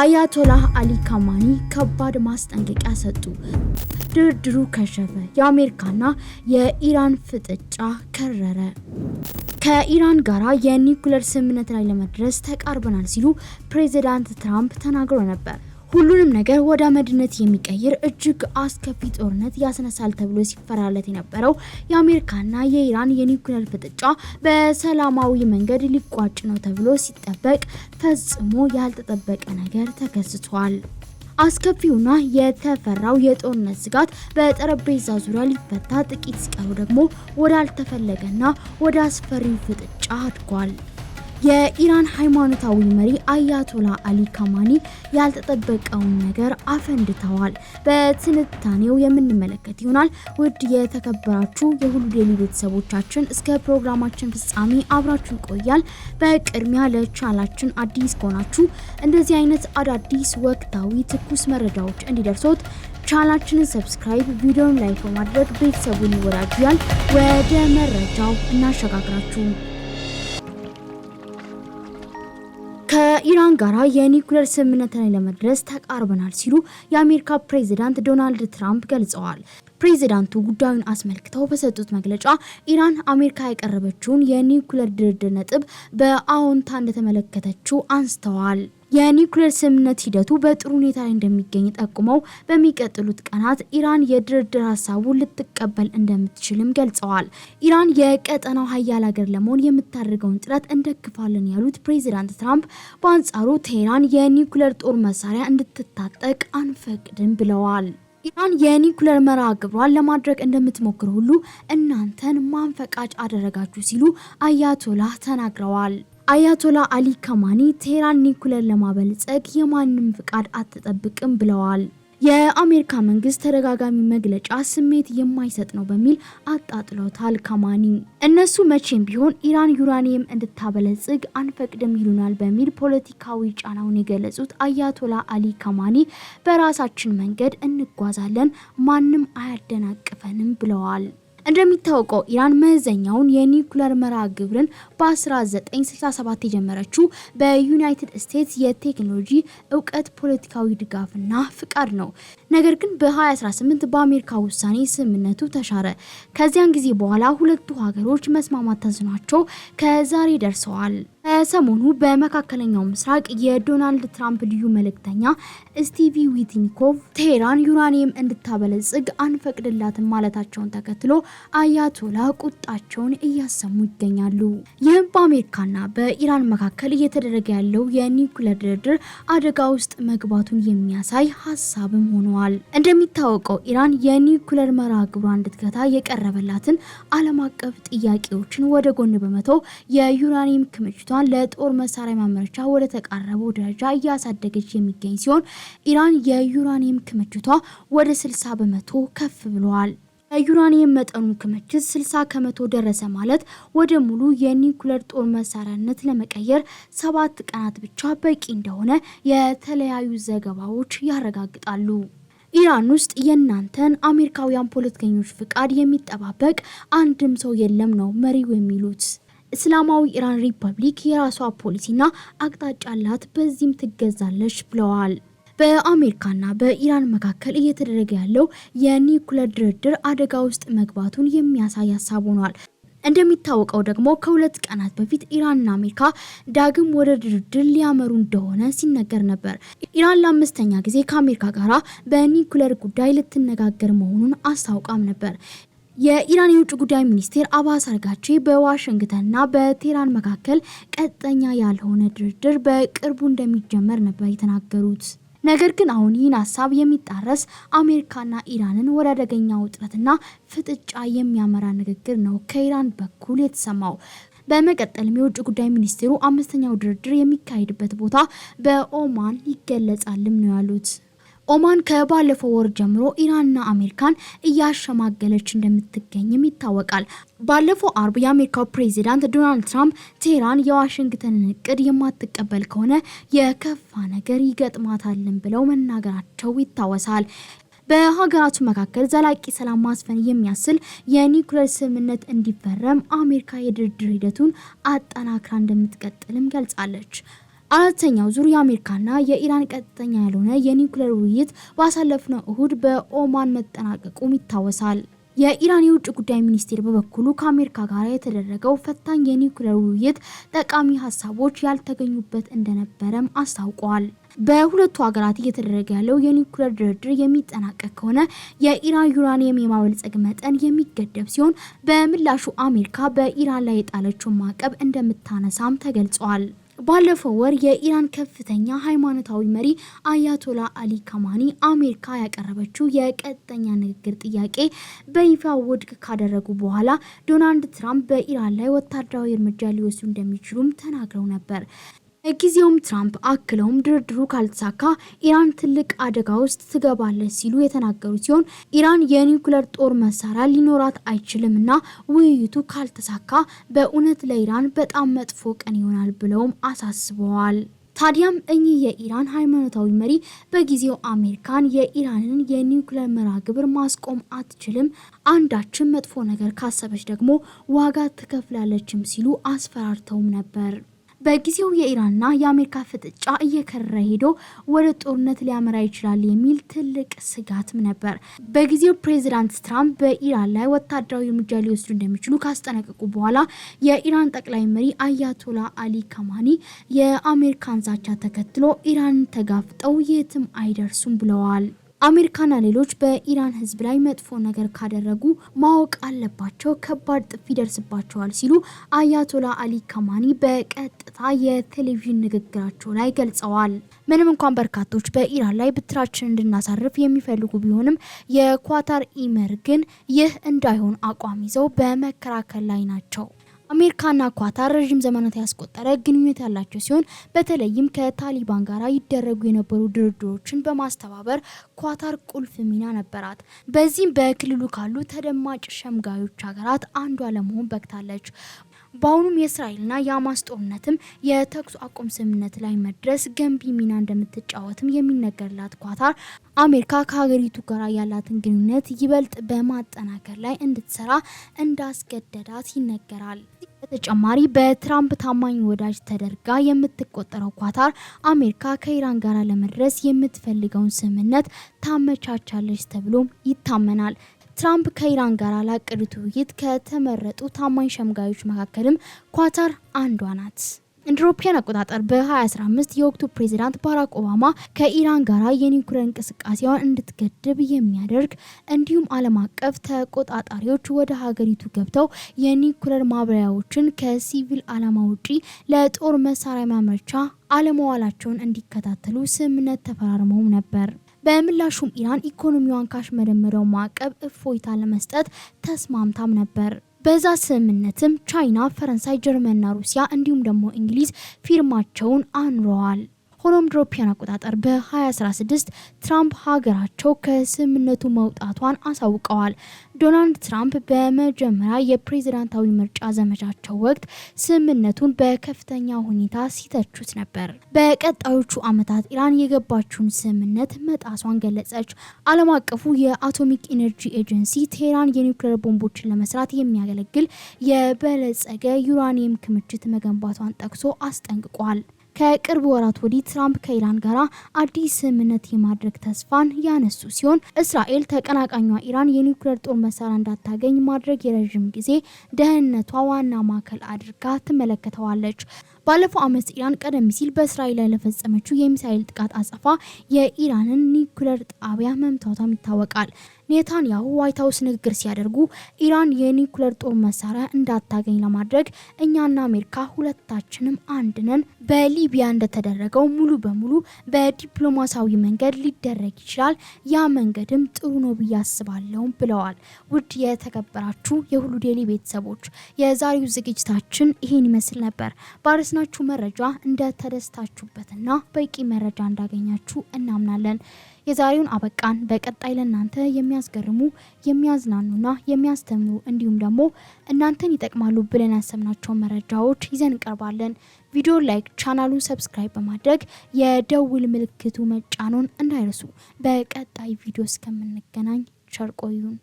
አያቶላህ አሊ ካማኒ ከባድ ማስጠንቀቂያ ሰጡ። ድርድሩ ከሸፈ፣ የአሜሪካና የኢራን ፍጥጫ ከረረ። ከኢራን ጋራ የኒውክለር ስምምነት ላይ ለመድረስ ተቃርበናል ሲሉ ፕሬዚዳንት ትራምፕ ተናግሮ ነበር። ሁሉንም ነገር ወደ አመድነት የሚቀይር እጅግ አስከፊ ጦርነት ያስነሳል ተብሎ ሲፈራለት የነበረው የአሜሪካና የኢራን የኒውክሌር ፍጥጫ በሰላማዊ መንገድ ሊቋጭ ነው ተብሎ ሲጠበቅ ፈጽሞ ያልተጠበቀ ነገር ተከስቷል። አስከፊውና የተፈራው የጦርነት ስጋት በጠረጴዛ ዙሪያ ሊፈታ ጥቂት ሲቀሩ ደግሞ ወዳልተፈለገና ወደ አስፈሪው ፍጥጫ አድጓል። የኢራን ሃይማኖታዊ መሪ አያቶላ አሊ ካማኒ ያልተጠበቀውን ነገር አፈንድተዋል። በትንታኔው የምንመለከት ይሆናል። ውድ የተከበራችሁ የሁሉ ዴይሊ ቤተሰቦቻችን እስከ ፕሮግራማችን ፍጻሜ አብራችሁ ይቆያል። በቅድሚያ ለቻናላችን አዲስ ከሆናችሁ እንደዚህ አይነት አዳዲስ ወቅታዊ ትኩስ መረጃዎች እንዲደርሶት ቻናላችንን ሰብስክራይብ፣ ቪዲዮን ላይክ በማድረግ ቤተሰቡን ይወዳጁያል። ወደ መረጃው እናሸጋግራችሁ። ከኢራን ጋራ የኒውክሌር ስምምነት ላይ ለመድረስ ተቃርበናል ሲሉ የአሜሪካ ፕሬዚዳንት ዶናልድ ትራምፕ ገልጸዋል። ፕሬዚዳንቱ ጉዳዩን አስመልክተው በሰጡት መግለጫ ኢራን አሜሪካ ያቀረበችውን የኒውክሌር ድርድር ነጥብ በአዎንታ እንደተመለከተችው አንስተዋል። የኒውክሌር ስምምነት ሂደቱ በጥሩ ሁኔታ ላይ እንደሚገኝ ጠቁመው በሚቀጥሉት ቀናት ኢራን የድርድር ሀሳቡን ልትቀበል እንደምትችልም ገልጸዋል። ኢራን የቀጠናው ሀያል ሀገር ለመሆን የምታደርገውን ጥረት እንደግፋለን ያሉት ፕሬዚዳንት ትራምፕ በአንጻሩ ቴህራን የኒውክሌር ጦር መሳሪያ እንድትታጠቅ አንፈቅድም ብለዋል። ኢራን የኒውክሌር መርሃ ግብሯን ለማድረግ እንደምትሞክር ሁሉ እናንተን ማንፈቃጭ አደረጋችሁ ሲሉ አያቶላህ ተናግረዋል። አያቶላ አሊ ከማኒ ቴህራን ኒኩለር ለማበልጸግ የማንም ፍቃድ አትጠብቅም ብለዋል። የአሜሪካ መንግስት ተደጋጋሚ መግለጫ ስሜት የማይሰጥ ነው በሚል አጣጥሎታል። ከማኒ እነሱ መቼም ቢሆን ኢራን ዩራኒየም እንድታበለጽግ አንፈቅድም ይሉናል በሚል ፖለቲካዊ ጫናውን የገለጹት አያቶላ አሊ ከማኒ በራሳችን መንገድ እንጓዛለን፣ ማንም አያደናቅፈንም ብለዋል። እንደሚታወቀው ኢራን መዘኛውን የኒውክለር መርሃ ግብርን በ1967 የጀመረችው በዩናይትድ ስቴትስ የቴክኖሎጂ እውቀት፣ ፖለቲካዊ ድጋፍና ፍቃድ ነው። ነገር ግን በ2018 በአሜሪካ ውሳኔ ስምምነቱ ተሻረ። ከዚያን ጊዜ በኋላ ሁለቱ ሀገሮች መስማማት ተስኗቸው ከዛሬ ደርሰዋል። ሰሞኑ በመካከለኛው ምስራቅ የዶናልድ ትራምፕ ልዩ መልእክተኛ ስቲቪ ዊትኒኮቭ ቴሄራን ዩራኒየም እንድታበለጽግ አንፈቅድላትም ማለታቸውን ተከትሎ አያቶላ ቁጣቸውን እያሰሙ ይገኛሉ። ይህም በአሜሪካና በኢራን መካከል እየተደረገ ያለው የኒውክለር ድርድር አደጋ ውስጥ መግባቱን የሚያሳይ ሀሳብም ሆኗል። ተፈጽሟል። እንደሚታወቀው ኢራን የኒውክለር መርሃ ግብሯ እንድትገታ የቀረበላትን ዓለም አቀፍ ጥያቄዎችን ወደ ጎን በመተው የዩራኒየም ክምችቷን ለጦር መሳሪያ ማምረቻ ወደ ተቃረበው ደረጃ እያሳደገች የሚገኝ ሲሆን ኢራን የዩራኒየም ክምችቷ ወደ 60 በመቶ ከፍ ብሏል። የዩራኒየም መጠኑ ክምችት 60 ከመቶ ደረሰ ማለት ወደ ሙሉ የኒውክለር ጦር መሳሪያነት ለመቀየር ሰባት ቀናት ብቻ በቂ እንደሆነ የተለያዩ ዘገባዎች ያረጋግጣሉ። ኢራን ውስጥ የእናንተን አሜሪካውያን ፖለቲከኞች ፍቃድ የሚጠባበቅ አንድም ሰው የለም ነው መሪው የሚሉት። እስላማዊ ኢራን ሪፐብሊክ የራሷ ፖሊሲና አቅጣጫ አላት፣ በዚህም ትገዛለች ብለዋል። በአሜሪካና በኢራን መካከል እየተደረገ ያለው የኒውክለር ድርድር አደጋ ውስጥ መግባቱን የሚያሳይ ሀሳብ ሆኗል። እንደሚታወቀው ደግሞ ከሁለት ቀናት በፊት ኢራንና አሜሪካ ዳግም ወደ ድርድር ሊያመሩ እንደሆነ ሲነገር ነበር። ኢራን ለአምስተኛ ጊዜ ከአሜሪካ ጋር በኒኩለር ጉዳይ ልትነጋገር መሆኑን አስታውቃም ነበር። የኢራን የውጭ ጉዳይ ሚኒስቴር አባስ አርጋቺ በዋሽንግተንና በቴህራን መካከል ቀጥተኛ ያልሆነ ድርድር በቅርቡ እንደሚጀመር ነበር የተናገሩት። ነገር ግን አሁን ይህን ሀሳብ የሚጣረስ አሜሪካና ኢራንን ወደ አደገኛ ውጥረትና ፍጥጫ የሚያመራ ንግግር ነው ከኢራን በኩል የተሰማው። በመቀጠልም የውጭ ጉዳይ ሚኒስቴሩ አምስተኛው ድርድር የሚካሄድበት ቦታ በኦማን ይገለጻልም ነው ያሉት። ኦማን ከባለፈው ወር ጀምሮ ኢራንና አሜሪካን እያሸማገለች እንደምትገኝም ይታወቃል። ባለፈው አርብ የአሜሪካው ፕሬዚዳንት ዶናልድ ትራምፕ ቴህራን የዋሽንግተንን እቅድ የማትቀበል ከሆነ የከፋ ነገር ይገጥማታልን ብለው መናገራቸው ይታወሳል። በሀገራቱ መካከል ዘላቂ ሰላም ማስፈን የሚያስችል የኒውክሌር ስምምነት እንዲፈረም አሜሪካ የድርድር ሂደቱን አጠናክራ እንደምትቀጥልም ገልጻለች። አራተኛው ዙር የአሜሪካና የኢራን ቀጥተኛ ያልሆነ የኒውክሌር ውይይት ባሳለፍነው እሁድ በኦማን መጠናቀቁም ይታወሳል። የኢራን የውጭ ጉዳይ ሚኒስቴር በበኩሉ ከአሜሪካ ጋር የተደረገው ፈታኝ የኒውክሌር ውይይት ጠቃሚ ሀሳቦች ያልተገኙበት እንደነበረም አስታውቋል። በሁለቱ ሀገራት እየተደረገ ያለው የኒውክሌር ድርድር የሚጠናቀቅ ከሆነ የኢራን ዩራኒየም የማበልጸግ መጠን የሚገደብ ሲሆን በምላሹ አሜሪካ በኢራን ላይ የጣለችውን ማዕቀብ እንደምታነሳም ተገልጿል። ባለፈው ወር የኢራን ከፍተኛ ሃይማኖታዊ መሪ አያቶላ አሊ ካማኒ አሜሪካ ያቀረበችው የቀጥተኛ ንግግር ጥያቄ በይፋ ውድቅ ካደረጉ በኋላ ዶናልድ ትራምፕ በኢራን ላይ ወታደራዊ እርምጃ ሊወስዱ እንደሚችሉም ተናግረው ነበር። የጊዜውም ትራምፕ አክለውም ድርድሩ ካልተሳካ ኢራን ትልቅ አደጋ ውስጥ ትገባለች ሲሉ የተናገሩ ሲሆን ኢራን የኒውክለር ጦር መሳሪያ ሊኖራት አይችልም እና ውይይቱ ካልተሳካ በእውነት ለኢራን በጣም መጥፎ ቀን ይሆናል ብለውም አሳስበዋል። ታዲያም እኚህ የኢራን ሃይማኖታዊ መሪ በጊዜው አሜሪካን የኢራንን የኒውክሌር መርሃ ግብር ማስቆም አትችልም፣ አንዳችን መጥፎ ነገር ካሰበች ደግሞ ዋጋ ትከፍላለችም ሲሉ አስፈራርተውም ነበር። በጊዜው የኢራንና የአሜሪካ ፍጥጫ እየከረረ ሄዶ ወደ ጦርነት ሊያመራ ይችላል የሚል ትልቅ ስጋትም ነበር። በጊዜው ፕሬዚዳንት ትራምፕ በኢራን ላይ ወታደራዊ እርምጃ ሊወስዱ እንደሚችሉ ካስጠነቀቁ በኋላ የኢራን ጠቅላይ መሪ አያቶላ አሊ ካማኒ የአሜሪካን ዛቻ ተከትሎ ኢራን ተጋፍጠው የትም አይደርሱም ብለዋል። አሜሪካና ሌሎች በኢራን ህዝብ ላይ መጥፎ ነገር ካደረጉ ማወቅ አለባቸው፣ ከባድ ጥፊ ይደርስባቸዋል ሲሉ አያቶላ አሊ ካማኒ በቀጥታ የቴሌቪዥን ንግግራቸው ላይ ገልጸዋል። ምንም እንኳን በርካቶች በኢራን ላይ ብትራችን እንድናሳርፍ የሚፈልጉ ቢሆንም የኳታር ኢመር ግን ይህ እንዳይሆን አቋም ይዘው በመከራከል ላይ ናቸው። አሜሪካና ኳታር ረዥም ዘመናት ያስቆጠረ ግንኙነት ያላቸው ሲሆን በተለይም ከታሊባን ጋር ይደረጉ የነበሩ ድርድሮችን በማስተባበር ኳታር ቁልፍ ሚና ነበራት። በዚህም በክልሉ ካሉ ተደማጭ ሸምጋዮች ሀገራት አንዷ ለመሆን በቅታለች። በአሁኑም የእስራኤልና የአማስ ጦርነትም የተኩስ አቁም ስምምነት ላይ መድረስ ገንቢ ሚና እንደምትጫወትም የሚነገርላት ኳታር አሜሪካ ከሀገሪቱ ጋር ያላትን ግንኙነት ይበልጥ በማጠናከር ላይ እንድትሰራ እንዳስገደዳት ይነገራል። በተጨማሪ በትራምፕ ታማኝ ወዳጅ ተደርጋ የምትቆጠረው ኳታር አሜሪካ ከኢራን ጋር ለመድረስ የምትፈልገውን ስምምነት ታመቻቻለች ተብሎም ይታመናል። ትራምፕ ከኢራን ጋር ላቀዱት ውይይት ከተመረጡ ታማኝ ሸምጋዮች መካከልም ኳታር አንዷ ናት። እንደ አውሮፓውያን አቆጣጠር በ2015 የወቅቱ ፕሬዚዳንት ባራክ ኦባማ ከኢራን ጋር የኒውክሌር እንቅስቃሴዋን እንድትገድብ የሚያደርግ እንዲሁም ዓለም አቀፍ ተቆጣጣሪዎች ወደ ሀገሪቱ ገብተው የኒውክሌር ማብሪያዎችን ከሲቪል ዓላማ ውጪ ለጦር መሳሪያ ማምረቻ አለመዋላቸውን እንዲከታተሉ ስምምነት ተፈራርመው ነበር። በምላሹም ኢራን ኢኮኖሚዋን ካሽመረመረው ማዕቀብ እፎይታ ለመስጠት ተስማምታም ነበር። በዛ ስምምነትም ቻይና፣ ፈረንሳይ፣ ጀርመንና ሩሲያ እንዲሁም ደግሞ እንግሊዝ ፊርማቸውን አኑረዋል። ሆኖም ድሮፒያን አቆጣጠር በ2016 ትራምፕ ሀገራቸው ከስምምነቱ መውጣቷን አሳውቀዋል። ዶናልድ ትራምፕ በመጀመሪያ የፕሬዝዳንታዊ ምርጫ ዘመቻቸው ወቅት ስምምነቱን በከፍተኛ ሁኔታ ሲተቹት ነበር። በቀጣዮቹ ዓመታት ኢራን የገባችውን ስምምነት መጣሷን ገለጸች። ዓለም አቀፉ የአቶሚክ ኢነርጂ ኤጀንሲ ቴህራን የኒውክሌር ቦምቦችን ለመስራት የሚያገለግል የበለጸገ ዩራኒየም ክምችት መገንባቷን ጠቅሶ አስጠንቅቋል። ከቅርብ ወራት ወዲህ ትራምፕ ከኢራን ጋር አዲስ ስምምነት የማድረግ ተስፋን ያነሱ ሲሆን እስራኤል ተቀናቃኟ ኢራን የኒውክሌር ጦር መሳሪያ እንዳታገኝ ማድረግ የረዥም ጊዜ ደህንነቷ ዋና ማዕከል አድርጋ ትመለከተዋለች። ባለፈው ዓመት ኢራን ቀደም ሲል በእስራኤል ላይ ለፈጸመችው የሚሳኤል ጥቃት አጸፋ የኢራንን ኒውክሌር ጣቢያ መምታቷም ይታወቃል። ኔታንያሁ ዋይት ሀውስ ንግግር ሲያደርጉ ኢራን የኒውክለር ጦር መሳሪያ እንዳታገኝ ለማድረግ እኛና አሜሪካ ሁለታችንም አንድ ነን፣ በሊቢያ እንደተደረገው ሙሉ በሙሉ በዲፕሎማሲያዊ መንገድ ሊደረግ ይችላል፣ ያ መንገድም ጥሩ ነው ብዬ አስባለሁም ብለዋል። ውድ የተከበራችሁ የሁሉ ዴይሊ ቤተሰቦች የዛሬው ዝግጅታችን ይህን ይመስል ነበር። ባረስናችሁ መረጃ እንደተደስታችሁበትና በቂ መረጃ እንዳገኛችሁ እናምናለን። የዛሬውን አበቃን። በቀጣይ ለእናንተ የሚያስገርሙ የሚያዝናኑና የሚያስተምሩ እንዲሁም ደግሞ እናንተን ይጠቅማሉ ብለን ያሰብናቸውን መረጃዎች ይዘን እንቀርባለን። ቪዲዮ ላይክ፣ ቻናሉን ሰብስክራይብ በማድረግ የደውል ምልክቱ መጫኖን እንዳይረሱ። በቀጣይ ቪዲዮ እስከምንገናኝ ቸር ቆዩን።